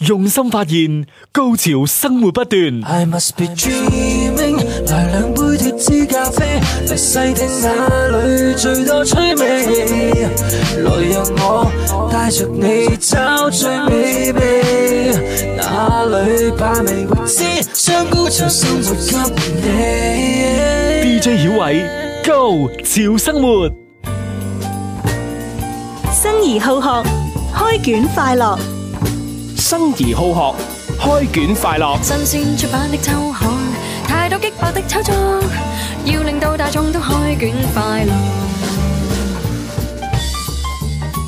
用心發現，高潮生活不斷。I must be dreaming，來兩杯脫脂咖啡，嚟細聽那裏最多趣味。來讓我帶着你找最美味，哪裏把味知？將高潮生活給你。DJ 曉偉，Go 潮生活，生而好學，開卷快樂。生而好學，開卷快樂。新鮮出版的秋刊，太多激烈的秋裝，要令到大眾都開卷快樂。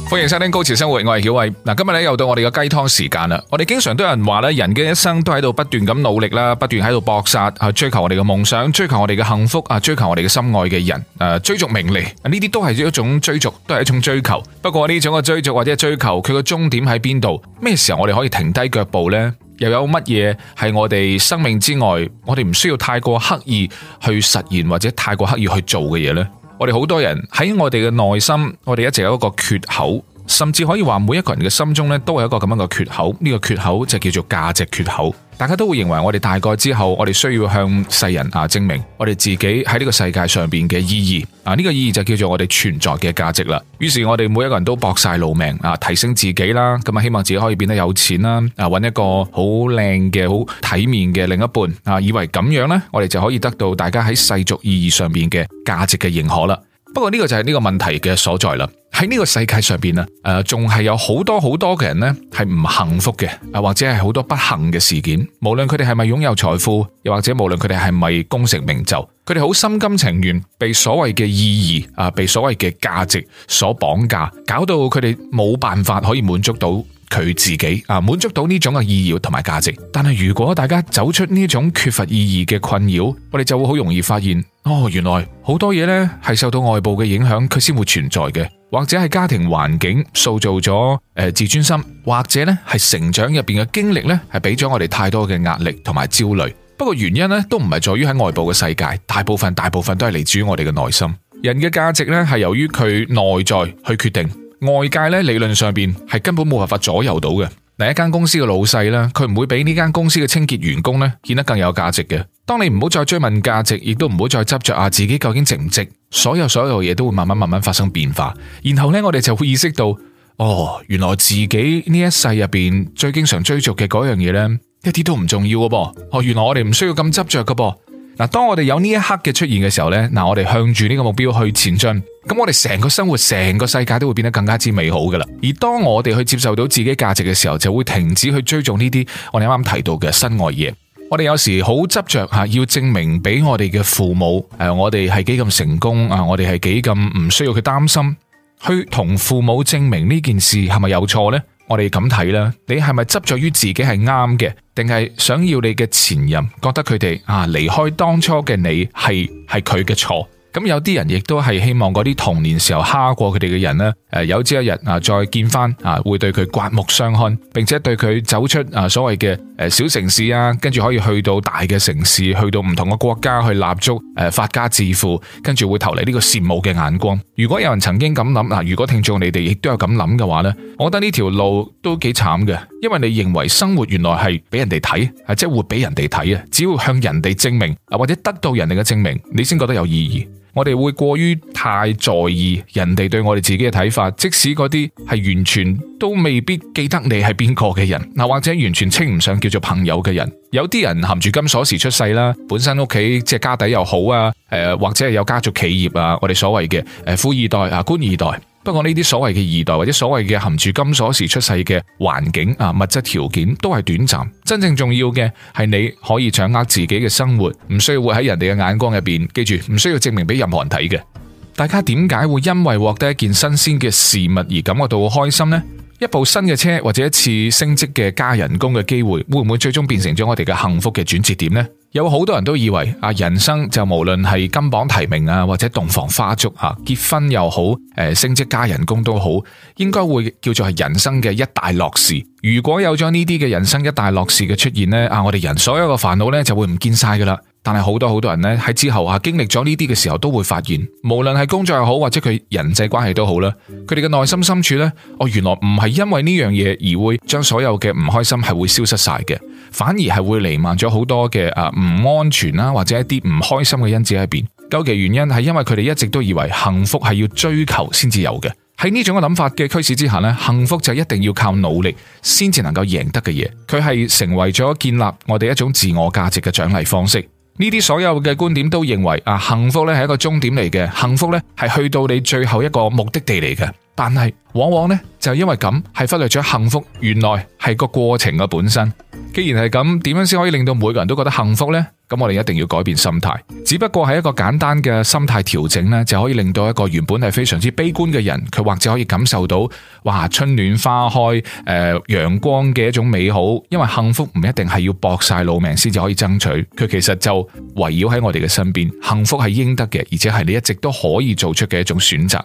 歡迎收聽《高潮生活》，我係曉偉。嗱，今日咧，又到我哋嘅雞湯時間啦！我哋經常都有人話咧，人嘅一生都喺度不斷咁努力啦，不斷喺度搏殺去追求我哋嘅夢想，追求我哋嘅幸福啊，追求我哋嘅心愛嘅人誒，追逐名利，呢啲都係一種追逐，都係一種追求。不過呢種嘅追逐或者追求，佢嘅終點喺邊度？咩時候我哋可以停低腳步咧？又有乜嘢係我哋生命之外，我哋唔需要太過刻意去實現或者太過刻意去做嘅嘢咧？我哋好多人喺我哋嘅內心，我哋一直有一個缺口。甚至可以話，每一個人嘅心中咧都有一個咁樣嘅缺口，呢個缺口就叫做價值缺口。大家都會認為我哋大個之後，我哋需要向世人啊證明我哋自己喺呢個世界上邊嘅意義啊，呢個意義就叫做我哋存在嘅價值啦。於是我哋每一個人都搏晒老命啊，提升自己啦，咁啊，希望自己可以變得有錢啦，啊，揾一個好靚嘅好體面嘅另一半啊，以為咁樣呢，我哋就可以得到大家喺世俗意義上邊嘅價值嘅認可啦。不過呢個就係呢個問題嘅所在啦。喺呢個世界上面，啊、呃，誒仲係有好多好多嘅人呢係唔幸福嘅，或者係好多不幸嘅事件。無論佢哋係咪擁有財富，又或者無論佢哋係咪功成名就，佢哋好心甘情願被所謂嘅意義啊，被所謂嘅價值所綁架，搞到佢哋冇辦法可以滿足到。佢自己啊，滿足到呢種嘅意義同埋價值。但係如果大家走出呢種缺乏意義嘅困擾，我哋就會好容易發現，哦，原來好多嘢咧係受到外部嘅影響，佢先會存在嘅，或者係家庭環境塑造咗誒、呃、自尊心，或者咧係成長入邊嘅經歷咧，係俾咗我哋太多嘅壓力同埋焦慮。不過原因咧都唔係在於喺外部嘅世界，大部分大部分都係嚟自於我哋嘅內心。人嘅價值咧係由於佢內在去決定。外界咧理論上邊係根本冇辦法左右到嘅。另一間公司嘅老細咧，佢唔會俾呢間公司嘅清潔員工咧顯得更有價值嘅。當你唔好再追問價值，亦都唔好再執着啊，自己究竟值唔值？所有所有嘢都會慢慢慢慢發生變化。然後咧，我哋就會意識到，哦，原來自己呢一世入邊最經常追逐嘅嗰樣嘢咧，一啲都唔重要嘅噃。哦，原來我哋唔需要咁執着嘅噃。嗱，當我哋有呢一刻嘅出現嘅時候咧，嗱，我哋向住呢個目標去前進。咁我哋成個生活，成個世界都會變得更加之美好噶啦。而當我哋去接受到自己價值嘅時候，就會停止去追逐呢啲我哋啱啱提到嘅身外嘢。我哋有時好執着吓，要證明俾我哋嘅父母，誒、呃，我哋係幾咁成功啊，我哋係幾咁唔需要佢擔心，去同父母證明呢件事係咪有錯呢？我哋咁睇啦，你係咪執着於自己係啱嘅，定係想要你嘅前任覺得佢哋啊離開當初嘅你係係佢嘅錯？咁有啲人亦都係希望嗰啲童年時候蝦過佢哋嘅人呢，誒有朝一日啊再見翻啊，會對佢刮目相看，並且對佢走出啊所謂嘅誒小城市啊，跟住可以去到大嘅城市，去到唔同嘅國家去立足，誒發家致富，跟住會投嚟呢個羨慕嘅眼光。如果有人曾經咁諗嗱，如果聽眾你哋亦都有咁諗嘅話呢，我覺得呢條路都幾慘嘅，因為你認為生活原來係俾人哋睇，啊即係活俾人哋睇啊，只要向人哋證明啊，或者得到人哋嘅證明，你先覺得有意義。我哋會過於太在意人哋對我哋自己嘅睇法，即使嗰啲係完全都未必記得你係邊個嘅人，或者完全稱唔上叫做朋友嘅人。有啲人含住金鎖匙出世啦，本身屋企即係家底又好啊、呃，或者係有家族企業啊，我哋所謂嘅呃富二代、官二代。不過呢啲所謂嘅二代或者所謂嘅含住金鎖匙出世嘅環境啊，物質條件都係短暫，真正重要嘅係你可以掌握自己嘅生活，唔需要活喺人哋嘅眼光入邊，記住唔需要證明俾任何人睇嘅。大家點解會因為獲得一件新鮮嘅事物而感覺到開心呢？一部新嘅車或者一次升職嘅加人工嘅機會，會唔會最終變成咗我哋嘅幸福嘅轉折點呢？有好多人都以為啊，人生就無論係金榜題名啊，或者洞房花燭啊，結婚又好，誒、呃，升職加人工都好，應該會叫做係人生嘅一大樂事。如果有咗呢啲嘅人生一大樂事嘅出現呢，啊，我哋人所有嘅煩惱呢就會唔見晒㗎喇。但係好多好多人咧喺之後啊經歷咗呢啲嘅時候，都會發現，無論係工作又好，或者佢人際關係都好啦，佢哋嘅內心深處呢，哦，原來唔係因為呢樣嘢而會將所有嘅唔開心係會消失晒嘅，反而係會彌漫咗好多嘅啊唔安全啦，或者一啲唔開心嘅因子喺邊。究其原因，係因為佢哋一直都以為幸福係要追求先至有嘅。喺呢種嘅諗法嘅驅使之下呢，幸福就一定要靠努力先至能夠贏得嘅嘢。佢係成為咗建立我哋一種自我價值嘅獎勵方式。呢啲所有嘅觀點都認為啊，幸福係一個終點嚟嘅，幸福係去到你最後一個目的地嚟嘅。但係往往呢，就因為咁，係忽略咗幸福原來係個過程嘅本身。既然係咁，點樣先可以令到每個人都覺得幸福呢？咁我哋一定要改變心態，只不過係一個簡單嘅心態調整咧，就可以令到一個原本係非常之悲觀嘅人，佢或者可以感受到，哇，春暖花開，誒、呃，陽光嘅一種美好。因為幸福唔一定係要搏晒老命先至可以爭取，佢其實就圍繞喺我哋嘅身邊，幸福係應得嘅，而且係你一直都可以做出嘅一種選擇。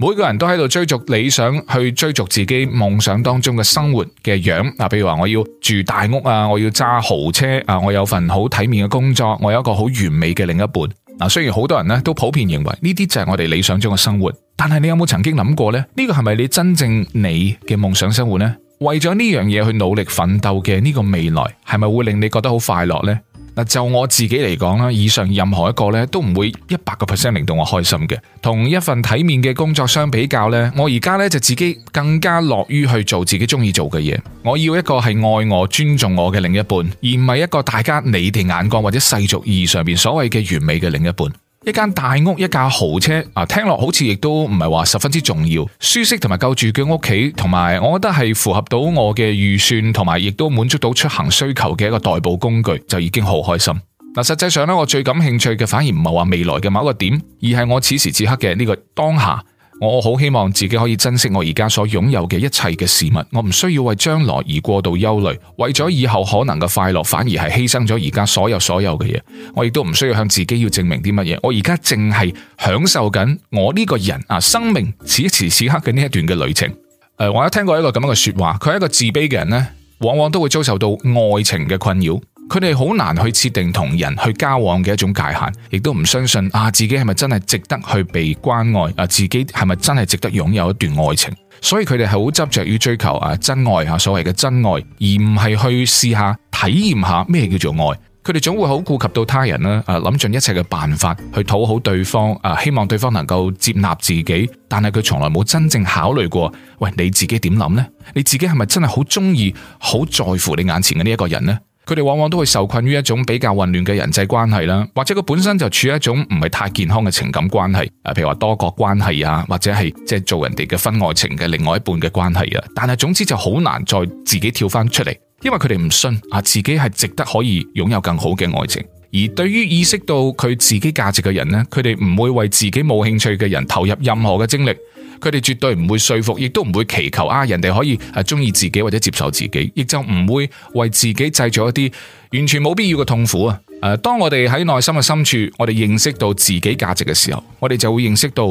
每個人都喺度追逐理想，去追逐自己夢想當中嘅生活嘅樣。嗱，比如話我要住大屋啊，我要揸豪車啊，我有份好體面嘅工作，我有一個好完美嘅另一半。嗱，雖然好多人呢都普遍認為呢啲就係我哋理想中嘅生活，但係你有冇曾經諗過呢？呢個係咪你真正你嘅夢想生活呢？為咗呢樣嘢去努力奮鬥嘅呢個未來，係咪會令你覺得好快樂呢？就我自己嚟講啦，以上任何一個咧，都唔會一百個 percent 令到我開心嘅。同一份體面嘅工作相比較咧，我而家咧就自己更加樂於去做自己中意做嘅嘢。我要一個係愛我、尊重我嘅另一半，而唔係一個大家你哋眼光或者世俗意義上面所謂嘅完美嘅另一半。一間大屋，一架豪車啊，聽落好似亦都唔係話十分之重要，舒適同埋夠住嘅屋企，同埋我覺得係符合到我嘅預算，同埋亦都滿足到出行需求嘅一個代步工具，就已經好開心。嗱，實際上咧，我最感興趣嘅反而唔係話未來嘅某一個點，而係我此時此刻嘅呢個當下。我好希望自己可以珍惜我而家所擁有嘅一切嘅事物，我唔需要為將來而過度憂慮，為咗以後可能嘅快樂，反而係犧牲咗而家所有所有嘅嘢。我亦都唔需要向自己要證明啲乜嘢，我而家淨係享受緊我呢個人啊，生命此時此刻嘅呢一段嘅旅程。誒、呃，我有聽過一個咁樣嘅說話，佢係一個自卑嘅人呢，往往都會遭受到愛情嘅困擾。佢哋好難去設定同人去交往嘅一種界限，亦都唔相信啊，自己係咪真係值得去被關愛，啊，自己係咪真係值得擁有一段愛情？所以佢哋係好執着於追求啊真愛吓，所謂嘅真愛，而唔係去試下體驗下咩叫做愛。佢哋總會好顧及到他人啦，啊，諗盡一切嘅辦法去討好對方，啊，希望對方能夠接納自己，但係佢從來冇真正考慮過，喂，你自己點諗呢？你自己係咪真係好中意、好在乎你眼前嘅呢一個人呢？」佢哋往往都會受困於一種比較混亂嘅人際關係啦，或者佢本身就處於一種唔係太健康嘅情感關係，誒，譬如話多角關係啊，或者係做人哋嘅婚外情嘅另外一半嘅關係啊，但係總之就好難再自己跳翻出嚟，因為佢哋唔信啊自己係值得可以擁有更好嘅愛情。而對於意識到佢自己價值嘅人咧，佢哋唔會為自己冇興趣嘅人投入任何嘅精力，佢哋絕對唔會說服，亦都唔會祈求啊人哋可以啊鍾意自己或者接受自己，亦就唔會為自己製造一啲完全冇必要嘅痛苦啊！誒，當我哋喺內心嘅深處，我哋認識到自己價值嘅時候，我哋就會認識到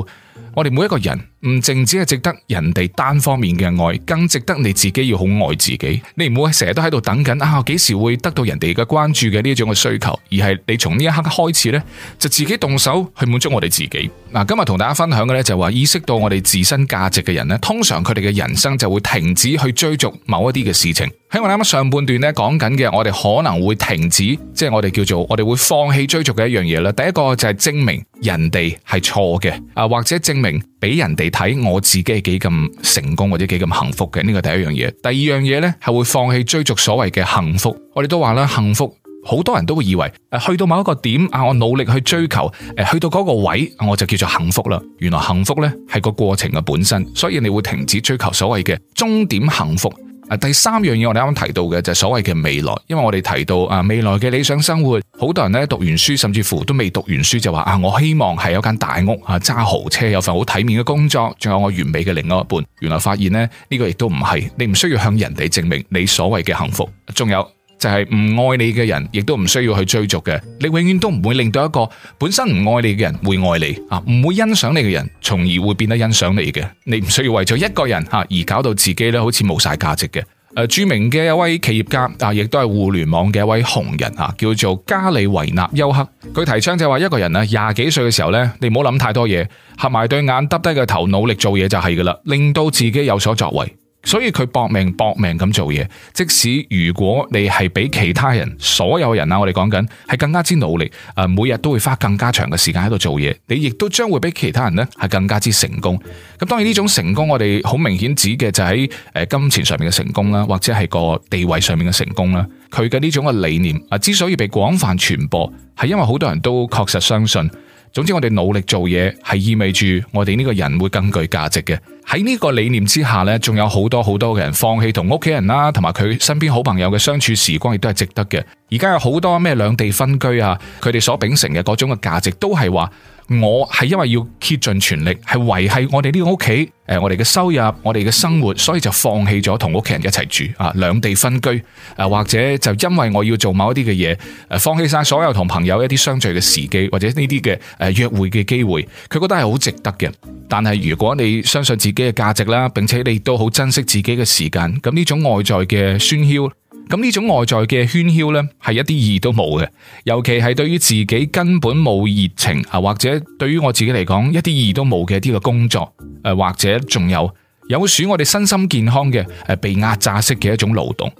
我哋每一個人。唔淨只係值得人哋單方面嘅愛，更值得你自己要好愛自己。你唔會成日都喺度等緊啊，我幾時會得到人哋嘅關注嘅呢一種嘅需求，而係你從呢一刻開始呢，就自己動手去滿足我哋自己。嗱，今日同大家分享嘅呢，就係話，意識到我哋自身價值嘅人呢，通常佢哋嘅人生就會停止去追逐某一啲嘅事情。喺我啱啱上半段呢，講緊嘅，我哋可能會停止，即係我哋叫做我哋會放棄追逐嘅一樣嘢啦。第一個就係證明人哋係錯嘅啊，或者證明俾人哋。睇我自己係幾咁成功或者幾咁幸福嘅。呢個第一樣嘢，第二樣嘢咧，係會放棄追逐所謂嘅幸福。我哋都話啦，幸福好多人都會以為，去到某一個點，我努力去追求，去到嗰個位，我就叫做幸福啦。原來幸福咧，係個過程嘅本身，所以你會停止追求所謂嘅終點幸福。第三樣嘢我哋啱啱提到嘅就係所謂嘅未來，因為我哋提到啊，未來嘅理想生活，好多人咧讀完書甚至乎都未讀完書就話啊，我希望係有間大屋啊，揸豪車，有份好體面嘅工作，仲有我完美嘅另外一半。原來發現咧，呢個亦都唔係，你唔需要向人哋證明你所謂嘅幸福，仲有。就係唔愛你嘅人，亦都唔需要去追逐嘅。你永遠都唔會令到一個本身唔愛你嘅人會愛你啊，唔會欣賞你嘅人，從而會變得欣賞你嘅。你唔需要為咗一個人啊而搞到自己咧好似冇晒價值嘅。誒，著名嘅一位企業家啊，亦都係互聯網嘅一位紅人啊，叫做加里維納休克。佢提倡就係話，一個人咧廿幾歲嘅時候咧，你唔好諗太多嘢，合埋對眼，耷低個頭，努力做嘢就係㗎喇，令到自己有所作為。所以佢搏命搏命咁做嘢，即使如果你係比其他人所有人啊，我哋講緊係更加之努力，誒，每日都會花更加長嘅時間喺度做嘢，你亦都將會比其他人咧係更加之成功。咁當然呢種成功，我哋好明顯指嘅就喺誒金錢上面嘅成功啦，或者係個地位上面嘅成功啦。佢嘅呢種嘅理念啊，之所以被廣泛傳播，係因為好多人都確實相信。總之，我哋努力做嘢係意味住我哋呢個人會更具價值嘅。喺呢個理念之下呢，仲有好多好多嘅人放棄同屋企人啦，同埋佢身邊好朋友嘅相處時光，亦都係值得嘅。而家有好多咩兩地分居啊，佢哋所秉承嘅嗰種嘅價值，都係話。我係因為要竭盡全力，係維繫我哋呢個屋企，誒，我哋嘅收入，我哋嘅生活，所以就放棄咗同屋企人一齊住啊，兩地分居，誒，或者就因為我要做某一啲嘅嘢，誒，放棄曬所有同朋友一啲相聚嘅時機，或者呢啲嘅誒約會嘅機會，佢覺得係好值得嘅。但係如果你相信自己嘅價值啦，並且你亦都好珍惜自己嘅時間，咁呢種外在嘅喧囂。咁呢種外在嘅喧囂呢，係一啲意義都冇嘅，尤其係對於自己根本冇熱情啊，或者對於我自己嚟講一啲意義都冇嘅呢個工作誒，或者仲有有損我哋身心健康嘅誒，被壓榨式嘅一種勞動。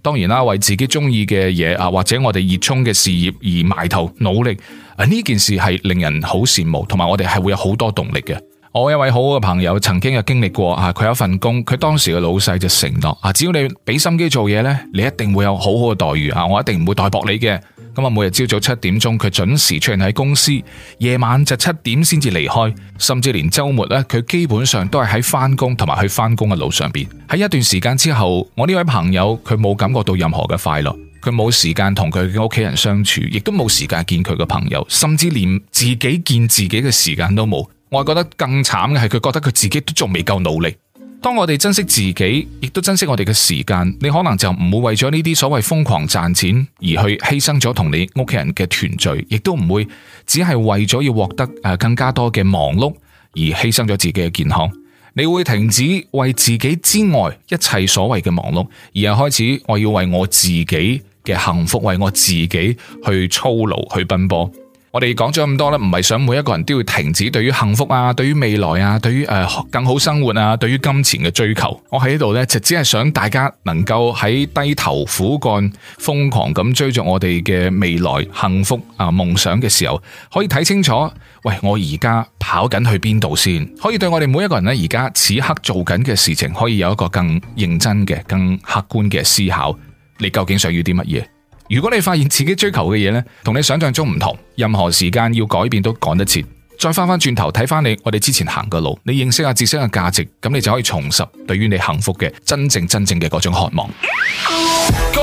當然啦，為自己中意嘅嘢啊，或者我哋熱衷嘅事業而埋頭努力啊，呢件事係令人好羨慕，同埋我哋係會有好多動力嘅。我一位好好嘅朋友，曾經就經歷過啊！佢有一份工，佢當時嘅老細就承諾啊，只要你畀心機做嘢咧，你一定會有好好嘅待遇啊！我一定唔會代薄你嘅。咁啊，每日朝早七點鐘佢準時出現喺公司，夜晚就七點先至離開，甚至連周末咧，佢基本上都係喺翻工同埋去翻工嘅路上邊。喺一段時間之後，我呢位朋友佢冇感覺到任何嘅快樂，佢冇時間同佢嘅屋企人相處，亦都冇時間見佢嘅朋友，甚至連自己見自己嘅時間都冇。我覺得更慘嘅係佢覺得佢自己都仲未夠努力。當我哋珍惜自己，亦都珍惜我哋嘅時間，你可能就唔會為咗呢啲所謂瘋狂賺錢而去犧牲咗同你屋企人嘅團聚，亦都唔會只係為咗要獲得誒更加多嘅忙碌而犧牲咗自己嘅健康。你會停止為自己之外一切所謂嘅忙碌，而又開始我要為我自己嘅幸福，為我自己去操勞，去奔波。我哋講咗咁多咧，唔係想每一個人都要停止對於幸福啊、對於未來啊、對於誒、呃、更好生活啊、對於金錢嘅追求。我喺呢度咧，就只係想大家能夠喺低頭苦幹、瘋狂咁追逐我哋嘅未來、幸福啊夢想嘅時候，可以睇清楚。喂，我而家跑緊去邊度先？可以對我哋每一個人都咧，而家此刻做緊嘅事情，可以有一個更認真嘅、更客觀嘅思考。你究竟想要啲乜嘢？如果你發現自己追求嘅嘢呢，同你想象中唔同，任何時間要改變都趕得切。再翻翻轉頭睇翻你，我哋之前行嘅路，你認識下自身嘅價值，咁你就可以重拾對於你幸福嘅真正真正嘅嗰種渴望。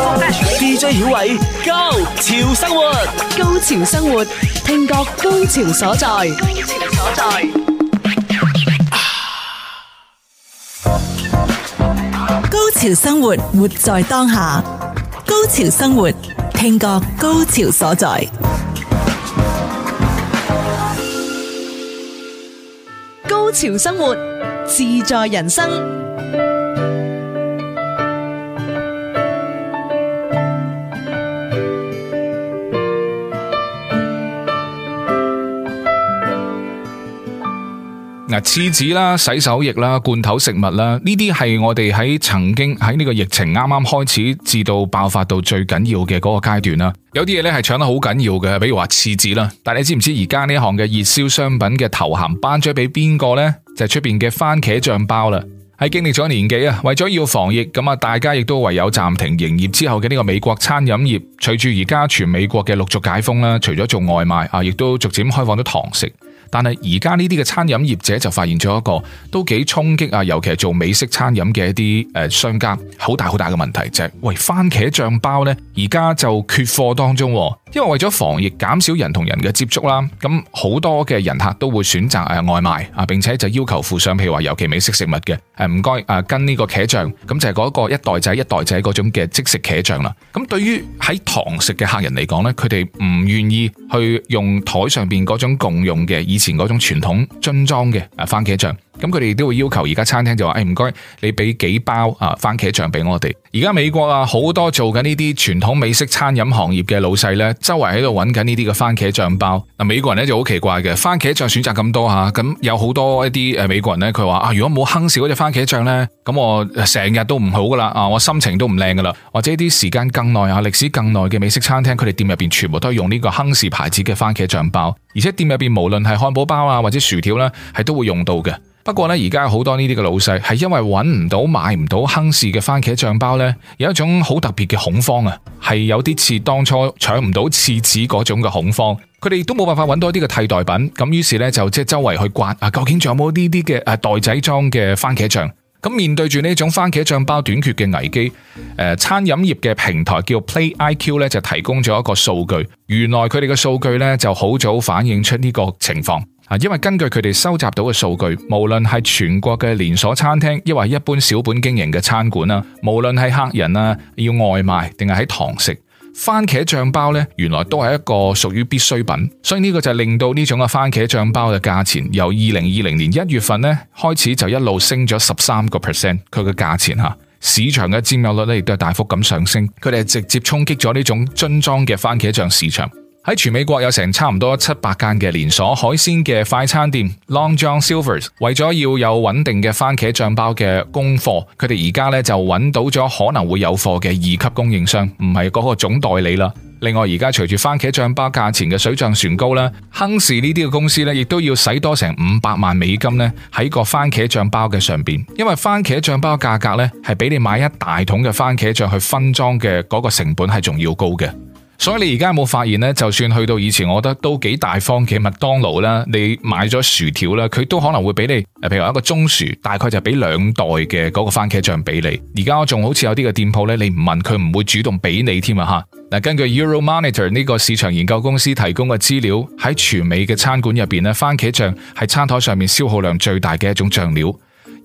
Uh, DJ 曉偉，Go！高潮生活，高潮生活，聽覺高潮所在。高潮所在。高潮生活，活在當下。高潮生活，聽覺高潮所在。高潮生活，自在人生。廁紙啦、洗手液啦、罐頭食物啦，呢啲係我哋喺曾經喺呢個疫情啱啱開始至到爆發到最緊要嘅嗰個階段啦。有啲嘢咧係搶得好緊要嘅，比如話廁紙啦。但係你知唔知而家呢行嘅熱銷商品嘅頭銜頒咗俾邊個咧？就係出邊嘅番茄醬包啦。喺經歷咗年幾啊，為咗要防疫，咁啊大家亦都唯有暫停營業之後嘅呢個美國餐飲業。隨住而家全美國嘅陸續解封啦，除咗做外賣啊，亦都逐漸開放咗堂食。但係而家呢啲嘅餐飲業者就發現咗一個都幾衝擊啊，尤其係做美式餐飲嘅一啲誒、呃、商家，好大好大嘅問題啫、就係。喂，番茄醬包呢？而家就缺貨當中、啊，因為為咗防疫減少人同人嘅接觸啦，咁好多嘅人客都會選擇誒、啊、外賣啊，並且就要求附上譬如話，尤其美式食物嘅誒唔該誒，跟呢個茄醬，咁就係嗰個一袋仔一袋仔嗰種嘅即食茄醬啦。咁對於喺堂食嘅客人嚟講呢，佢哋唔願意去用台上邊嗰種共用嘅以前嗰種傳統樽裝嘅番茄醬。咁佢哋都會要求而家餐廳就話：誒唔該，你俾幾包啊番茄醬俾我哋。而家美國啊，好多做緊呢啲傳統美式餐飲行業嘅老細呢，周圍喺度揾緊呢啲嘅番茄醬包。美國人呢就好奇怪嘅，番茄醬選擇咁多吓。咁，啊，有好多一啲美國人呢，佢話啊，如果冇亨氏嗰隻番茄醬呢，咁我成日都唔好㗎喇，啊，我心情都唔靚㗎喇，或者啲時間更耐啊，歷史更耐嘅美式餐廳，佢哋店入邊全部都係用呢個亨氏牌子嘅番茄醬包，而且店入邊無論係漢堡包啊，或者薯條呢，係都會用到嘅。不過咧，而家好多呢啲嘅老細係因為揾唔到，買唔到亨氏嘅番茄醬包呢，有一種好特別嘅恐慌啊，係有啲似當初搶唔到廁紙嗰種嘅恐慌。佢哋都冇辦法揾到啲嘅替代品，咁於是呢，就即係周圍去刮啊，究竟仲有冇呢啲嘅誒袋仔裝嘅番茄醬？咁面對住呢種番茄醬包短缺嘅危機，誒餐飲業嘅平台叫 Play IQ 呢就提供咗一個數據，原來佢哋嘅數據呢，就好早反映出呢個情況。啊，因為根據佢哋收集到嘅數據，無論係全國嘅連鎖餐廳，亦或一般小本經營嘅餐館啦，無論係客人啊要外賣定係喺堂食，番茄醬包咧原來都係一個屬於必需品，所以呢個就令到呢種嘅番茄醬包嘅價錢由二零二零年一月份咧開始就一路升咗十三個 percent，佢嘅價錢吓，市場嘅佔有率咧亦都係大幅咁上升，佢哋直接衝擊咗呢種樽裝嘅番茄醬市場。喺全美國有成差唔多七百間嘅連鎖海鮮嘅快餐店，Long John Silver’s 為咗要有穩定嘅番茄醬包嘅供貨，佢哋而家咧就揾到咗可能會有貨嘅二級供應商，唔係嗰個總代理啦。另外，而家隨住番茄醬包價錢嘅水漲船高啦，亨氏呢啲嘅公司呢亦都要使多成五百萬美金呢喺個番茄醬包嘅上面，因為番茄醬包價格呢係比你買一大桶嘅番茄醬去分裝嘅嗰個成本係仲要高嘅。所以你而家有冇發現呢？就算去到以前，我覺得都幾大方嘅麥當勞啦，你買咗薯條啦，佢都可能會俾你，譬如一個中薯，大概就俾兩袋嘅嗰個番茄醬俾你。而家我仲好似有啲嘅店鋪咧，你唔問佢唔會主動俾你添啊！吓，根據 Euromonitor 呢個市場研究公司提供嘅資料，喺全美嘅餐館入面，呢番茄醬係餐台上面消耗量最大嘅一種醬料。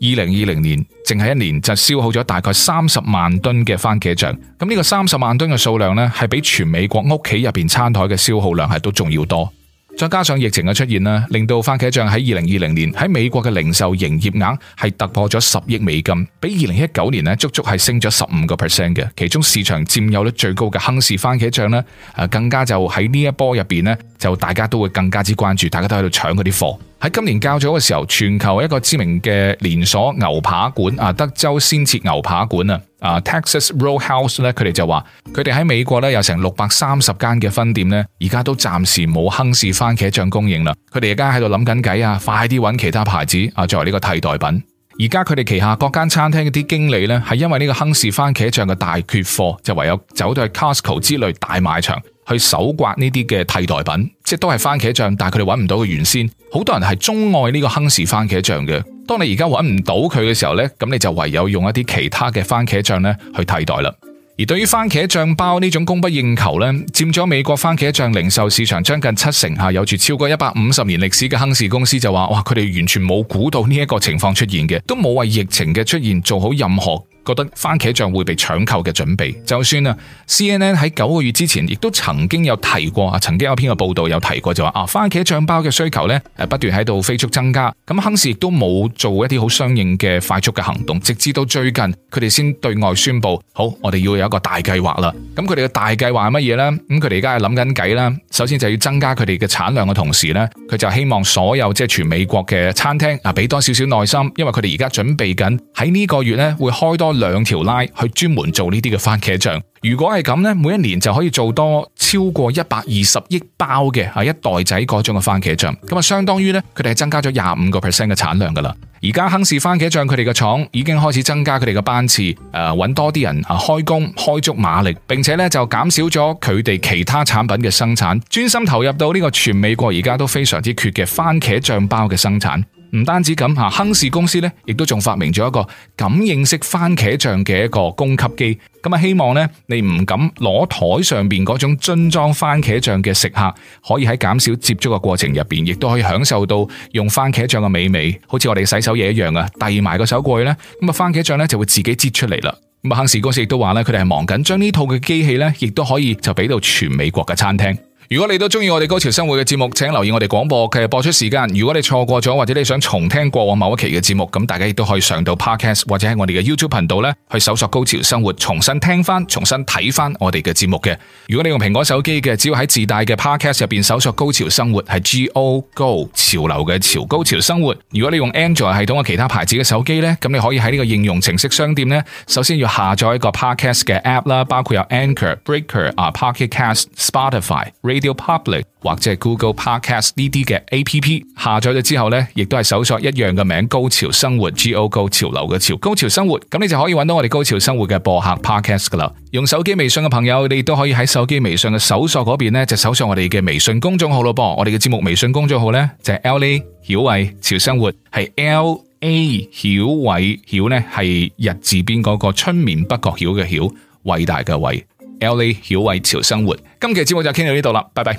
二零二零年淨係一年就消耗咗大概三十萬噸嘅番茄醬，咁呢個三十萬噸嘅數量呢，係比全美國屋企入邊餐台嘅消耗量係都仲要多。再加上疫情嘅出現啦，令到番茄醬喺二零二零年喺美國嘅零售營業額係突破咗十億美金，比二零一九年呢足足係升咗十五個 percent 嘅。其中市場佔有率最高嘅亨氏番茄醬呢，誒更加就喺呢一波入邊呢，就大家都會更加之關注，大家都喺度搶佢啲貨。喺今年較早嘅時候，全球一個知名嘅連鎖牛扒館啊，德州鮮切牛扒館啊，啊 Texas Roadhouse 咧，佢哋就話佢哋喺美國咧有成六百三十間嘅分店咧，而家都暫時冇亨氏番茄醬供應啦。佢哋而家喺度諗緊計啊，快啲揾其他牌子啊作為呢個替代品。而家佢哋旗下各間餐廳嘅啲經理咧，係因為呢個亨氏番茄醬嘅大缺貨，就唯有走到去 Costco 之類大賣場去搜刮呢啲嘅替代品。即都係番茄醬，但係佢哋搵唔到個原先，好多人係鍾愛呢個亨氏番茄醬嘅。當你而家搵唔到佢嘅時候呢，咁你就唯有用一啲其他嘅番茄醬呢去替代啦。而對於番茄醬包呢種供不應求呢，佔咗美國番茄醬零售市場將近七成吓，有住超過一百五十年歷史嘅亨氏公司就話：哇，佢哋完全冇估到呢一個情況出現嘅，都冇為疫情嘅出現做好任何。覺得番茄醬會被搶購嘅準備，就算啦，CNN 喺九個月之前亦都曾經有提過啊，曾經有篇嘅報道有提過，就話啊番茄醬包嘅需求咧，誒不斷喺度飛速增加，咁亨氏亦都冇做一啲好相應嘅快速嘅行動，直至到最近佢哋先對外宣布，好，我哋要有一個大計劃啦。咁佢哋嘅大計劃係乜嘢呢？咁佢哋而家係諗緊計啦。首先就要增加佢哋嘅產量嘅同時呢，佢就希望所有即係全美國嘅餐廳啊俾多少少耐心，因為佢哋而家準備緊喺呢個月呢會開多。兩條拉去專門做呢啲嘅番茄醬，如果係咁呢，每一年就可以做多超過一百二十億包嘅，啊一袋仔嗰種嘅番茄醬，咁啊相當於呢，佢哋係增加咗廿五個 percent 嘅產量噶啦。而家亨氏番茄醬佢哋嘅廠已經開始增加佢哋嘅班次，誒，搵多啲人啊開工開足馬力，並且呢就減少咗佢哋其他產品嘅生產，專心投入到呢個全美國而家都非常之缺嘅番茄醬包嘅生產。唔單止咁嚇，亨氏公司咧，亦都仲發明咗一個感應式番茄醬嘅一個供給機。咁啊，希望咧，你唔敢攞台上邊嗰種樽裝番茄醬嘅食客，可以喺減少接觸嘅過程入邊，亦都可以享受到用番茄醬嘅美味。好似我哋洗手液一樣啊，遞埋個手過去咧，咁啊，番茄醬咧就會自己擠出嚟啦。咁啊，亨氏公司亦都話咧，佢哋係忙緊將呢套嘅機器咧，亦都可以就俾到全美國嘅餐廳。如果你都中意我哋《高潮生活》嘅節目，請留意我哋廣播嘅播出時間。如果你錯過咗，或者你想重聽過往某一期嘅節目，咁大家亦都可以上到 Podcast 或者喺我哋嘅 YouTube 頻道呢去搜索《高潮生活》重，重新聽翻、重新睇翻我哋嘅節目嘅。如果你用蘋果手機嘅，只要喺自帶嘅 Podcast 入邊搜索《高潮生活》，係 Go Go 潮流嘅潮高潮生活。如果你用 Android 系統嘅其他牌子嘅手機呢，咁你可以喺呢個應用程式商店呢，首先要下載一個 Podcast 嘅 App 啦，包括有 Anchor、Breaker 啊、Pocket Cast、Spotify。Video Public 或者係 Google Podcast 呢啲嘅 A P P 下載咗之後呢，亦都係搜索一樣嘅名《高潮生活》G O G O 潮流嘅潮《高潮生活》，咁你就可以揾到我哋《高潮生活》嘅播客 Podcast 噶啦。用手機微信嘅朋友，你亦都可以喺手機微信嘅搜索嗰邊呢，就搜索我哋嘅微信公眾號咯噃。我哋嘅節目微信公眾號呢，就係 L A 曉偉潮生活，係 L A 曉偉曉呢，係日字邊嗰個春眠不覺曉嘅曉，偉大嘅偉。L A 曉慧潮生活，今期節目就傾到呢度啦，拜拜。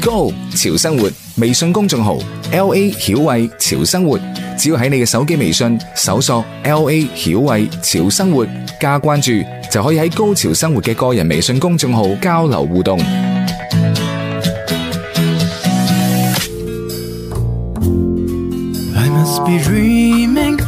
高潮生活微信公眾號 L A 曉慧潮生活，只要喺你嘅手機微信搜索 L A 曉慧潮生活加關注，就可以喺高潮生活嘅個人微信公眾號交流互動。I must be